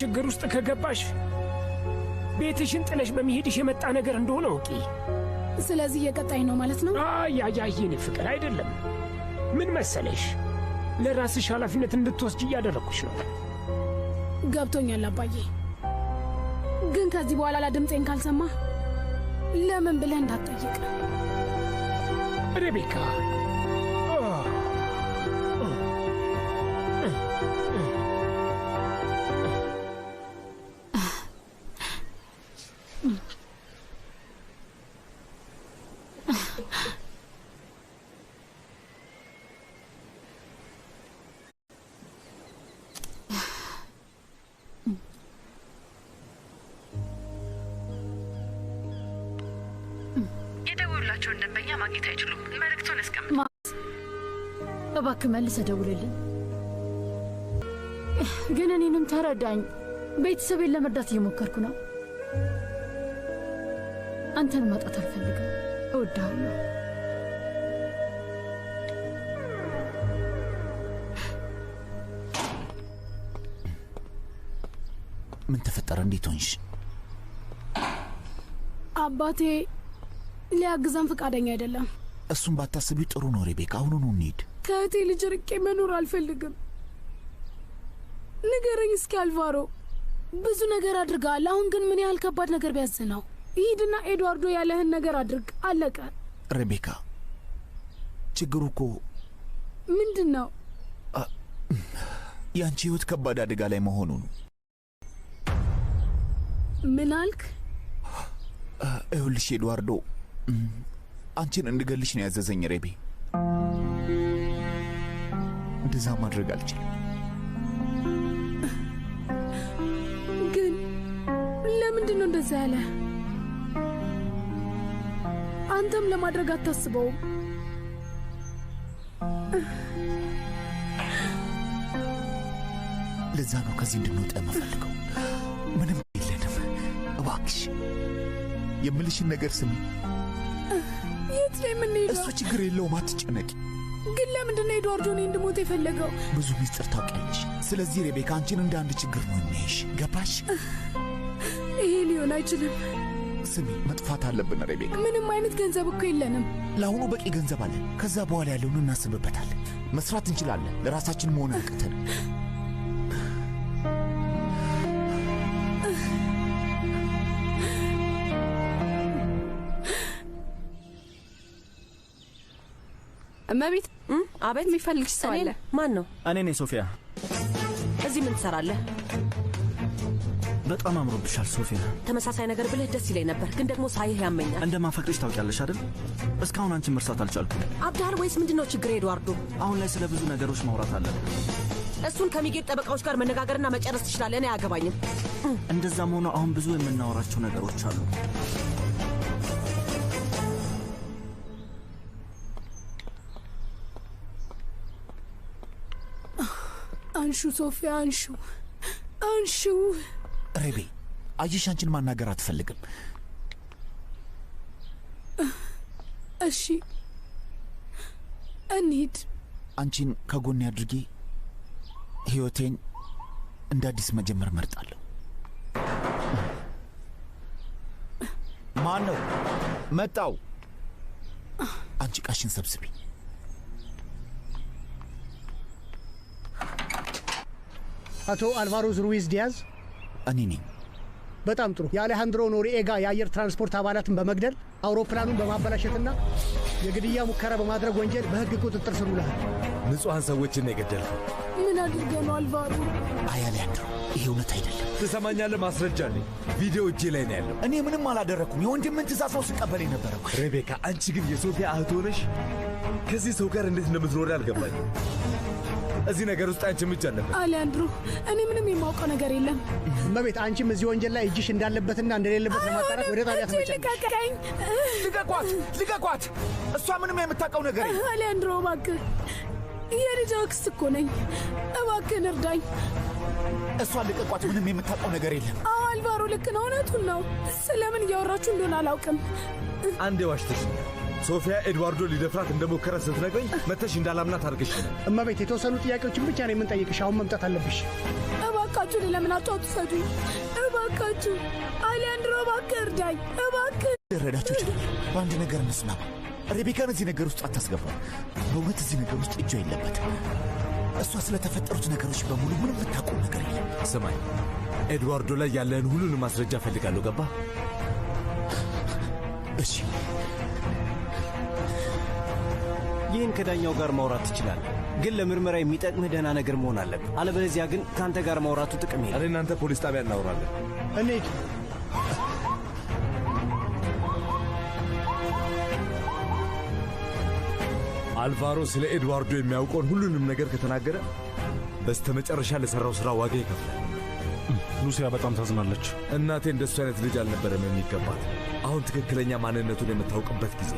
ችግር ውስጥ ከገባሽ ቤትሽን ጥለሽ በሚሄድሽ የመጣ ነገር እንደሆነ ወቂ። ስለዚህ የቀጣይ ነው ማለት ነው? አያያ ፍቅር አይደለም። ምን መሰለሽ፣ ለራስሽ ኃላፊነት እንድትወስድ እያደረግኩሽ ነው። ገብቶኛል አባዬ። ግን ከዚህ በኋላ ድምፄን ካልሰማ ለምን ብለህ እንዳትጠይቅ ሬቤካ የደወለላቸውን ደንበኛ ማግኘት አይችሉም። መልእክቱን ያስቀምጥ። እባክህ መልሰህ ደውልልኝ። ግን እኔንም ተረዳኝ። ቤተሰቤን ለመርዳት እየሞከርኩ ነው። አንተን ማጣት አልፈልግም። እወድሃለሁ። ምን ተፈጠረ? እንዴት ሆንሽ? አባቴ ሊያግዘን ፈቃደኛ አይደለም። እሱን ባታስቢው ጥሩ ነው ሬቤካ። አሁኑኑ እንሂድ። ከእቴ ልጅ ርቄ መኖር አልፈልግም። ንገረኝ እስኪ አልቫሮ፣ ብዙ ነገር አድርገሃል። አሁን ግን ምን ያህል ከባድ ነገር ቢያዝ ነው? ሂድና ኤድዋርዶ ያለህን ነገር አድርግ። አለቀ። ሬቤካ፣ ችግሩ እኮ ምንድን ነው? የአንቺ ህይወት ከባድ አደጋ ላይ መሆኑ ነው። ምን አልክ? ይኸውልሽ ኤድዋርዶ አንቺን እንድገልሽ ነው ያዘዘኝ ሬቤ። እንደዛ ማድረግ አልችልም። ግን ለምንድን ነው እንደዛ ያለ? አንተም ለማድረግ አታስበውም? ለዛ ነው ከዚህ እንድንወጣ የምፈልገው። ምንም የለንም። እባክሽ የምልሽን ነገር ስሚ። የት ነው የምንሄደው? እሱ ችግር የለውም አትጨነቂ። ግን ለምንድን ነው ኤድዋርዶ እኔ እንድሞት የፈለገው? ብዙ ሚስጥር ታውቂያለሽ። ስለዚህ ሬቤካ አንቺን እንደ አንድ ችግር ነው የሚያይሽ። ገባሽ? ይሄ ሊሆን አይችልም። ስሚ፣ መጥፋት አለብን ሬቤካ። ምንም አይነት ገንዘብ እኮ የለንም። ለአሁኑ በቂ ገንዘብ አለን። ከዛ በኋላ ያለውን እናስብበታለን። መስራት እንችላለን። ለራሳችን መሆን አቅተን እመቤት አቤት። የሚፈልግ ሰው አለ። ማን ነው? እኔ ነኝ ሶፊያ። እዚህ ምን ትሰራለህ? በጣም አምሮብሻል ሶፊያ። ተመሳሳይ ነገር ብለህ ደስ ይለኝ ነበር፣ ግን ደግሞ ሳይህ ያመኛል። እንደማፈቅድሽ ታውቂያለሽ አይደል? እስካሁን አንቺን መርሳት አልቻልኩም። አብዳል ወይስ ምንድን ነው ችግር? ኤድዋርዶ፣ አሁን ላይ ስለ ብዙ ነገሮች ማውራት አለ እሱን ከሚጌጥ ጠበቃዎች ጋር መነጋገርና መጨረስ ትችላለህ። እኔ አያገባኝም። እንደዛም ሆነ አሁን ብዙ የምናወራቸው ነገሮች አሉ። አንሹ ሶፊያ፣ አንሹ አንሹ። ሬቤ አየሽ፣ አንቺን ማናገር አትፈልግም። እሺ እንሂድ። አንቺን ከጎን አድርጌ ህይወቴን እንደ አዲስ መጀመር መርጣለሁ። ማን ነው መጣው? አንቺ ቃሽን ሰብስቢ። አቶ አልቫሮዝ ሩዊዝ ዲያዝ እኔ ነኝ። በጣም ጥሩ። የአሌሃንድሮ ኖሪኤጋ የአየር ትራንስፖርት አባላትን በመግደል አውሮፕላኑን በማበላሸትና የግድያ ሙከራ በማድረግ ወንጀል በሕግ ቁጥጥር ስር ውለሃል። ንጹሐን ሰዎችን ነው የገደልከው። ምን አድርገ ነው አልቫሮ? አይ አሌሃንድሮ፣ ይህ እውነት አይደለም። ትሰማኛለህ? ማስረጃ አለኝ። ቪዲዮ እጄ ላይ ነው ያለው። እኔ ምንም አላደረግኩም። የወንድምን ትእዛዝ ነው ስቀበል የነበረው። ሬቤካ፣ አንቺ ግን የሶፊያ እህት ሆነሽ ከዚህ ሰው ጋር እንዴት እንደምትኖሪ አልገባኝ እዚህ ነገር ውስጥ አንቺ እጅ አለበት። አሊያንድሩ እኔ ምንም የማውቀው ነገር የለም። መቤት፣ አንቺም እዚህ ወንጀል ላይ እጅሽ እንዳለበትና እንደሌለበት ለማጣራት ወደ ጣቢያ ትመጫለሽ። ልቀቋት! ልቀቋት! እሷ ምንም የምታውቀው ነገር አሊያንድሮ፣ እባክህ የልጅ አክስት እኮ ነኝ። እባክህን እርዳኝ። እሷ ልቀቋት! ምንም የምታውቀው ነገር የለም። አዎ አልቫሮ ልክ ነው፣ እውነቱን ነው። ስለምን እያወራችሁ እንደሆነ አላውቅም። አንዴ ዋሽተሽ ሶፊያ ኤድዋርዶ ሊደፍራት እንደሞከረ ስትነግረኝ መተሽ እንዳላምናት አድርገሽ ነው። እመቤት፣ የተወሰኑ ጥያቄዎችን ብቻ ነው የምንጠይቅሽ። አሁን መምጣት አለብሽ። እባካችሁ ለምን አትወሰዱ? እባካችሁ አሊያንድሮ፣ እባክህ እርዳኝ፣ እባክህ። ልረዳችሁ ይችላል። በአንድ ነገር እንስማማ። ሬቤካን እዚህ ነገር ውስጥ አታስገባ በእውነት እዚህ ነገር ውስጥ እጇ የለበት እሷ ስለተፈጠሩት ነገሮች በሙሉ ምንም የምታውቀው ነገር የለም። ስማኝ፣ ኤድዋርዶ ላይ ያለህን ሁሉን ማስረጃ ፈልጋለሁ ገባ? እሺ ይህን ከዳኛው ጋር ማውራት ትችላል። ግን ለምርመራ የሚጠቅምህ ደህና ነገር መሆን አለብ። አለበለዚያ ግን ከአንተ ጋር ማውራቱ ጥቅም ይ እናንተ ፖሊስ ጣቢያ እናወራለን። እኔ አልቫሮ ስለ ኤድዋርዶ የሚያውቀውን ሁሉንም ነገር ከተናገረ በስተመጨረሻ ለሠራው ሥራ ዋጋ ይከፍላል። ሉሲያ በጣም ታዝናለች። እናቴ እንደሱ አይነት ልጅ አልነበረም የሚገባት። አሁን ትክክለኛ ማንነቱን የምታውቅበት ጊዜ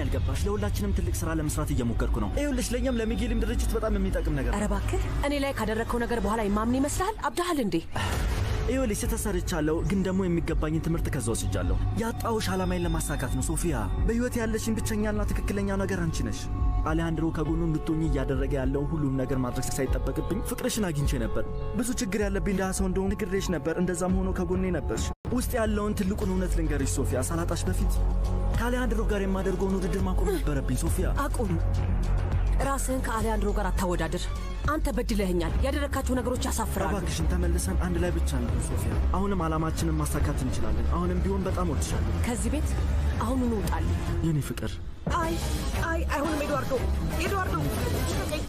ነው ያልገባሽ? ለሁላችንም ትልቅ ስራ ለመስራት እየሞከርኩ ነው። ይኸውልሽ ለእኛም ለሚጌልም ድርጅት በጣም የሚጠቅም ነገር። ኧረ እባክህ እኔ ላይ ካደረግከው ነገር በኋላ የማምን ይመስልሃል? አብዳሃል እንዴ? ይኸውልሽ ተሰርቻለሁ፣ ግን ደግሞ የሚገባኝን ትምህርት ከዛ ወስጃለሁ። ያጣሁሽ ዓላማዬን ለማሳካት ነው። ሶፊያ፣ በህይወት ያለሽን ብቸኛና ትክክለኛ ነገር አንቺ ነሽ። አሊያንድሮ ከጎኑ እንድትሆኝ እያደረገ ያለውን ሁሉም ነገር ማድረግ ሳይጠበቅብኝ ፍቅርሽን አግኝቼ ነበር። ብዙ ችግር ያለብኝ ድሃ ሰው እንደሆን ነግሬሽ ነበር። እንደዛም ሆኖ ከጎኔ ነበርሽ። ውስጥ ያለውን ትልቁን እውነት ልንገርሽ ሶፊያ፣ ሳላጣሽ በፊት ከአሊያንድሮ ጋር የማደርገውን ውድድር ማቆም ነበረብኝ። ሶፊያ አቁም፣ ራስህን ከአሊያንድሮ ጋር አታወዳድር። አንተ በድለህኛል። ያደረካቸው ነገሮች ያሳፍራሉ። እባክሽን ተመልሰን አንድ ላይ ብቻ ነው ሶፊያ። አሁንም አላማችንን ማሳካት እንችላለን። አሁንም ቢሆን በጣም ወድሻለሁ። ከዚህ ቤት አሁን እንውጣለን የኔ ፍቅር። አይ አይ፣ አይሆንም ኤድዋርዶ፣ ኤድዋርዶ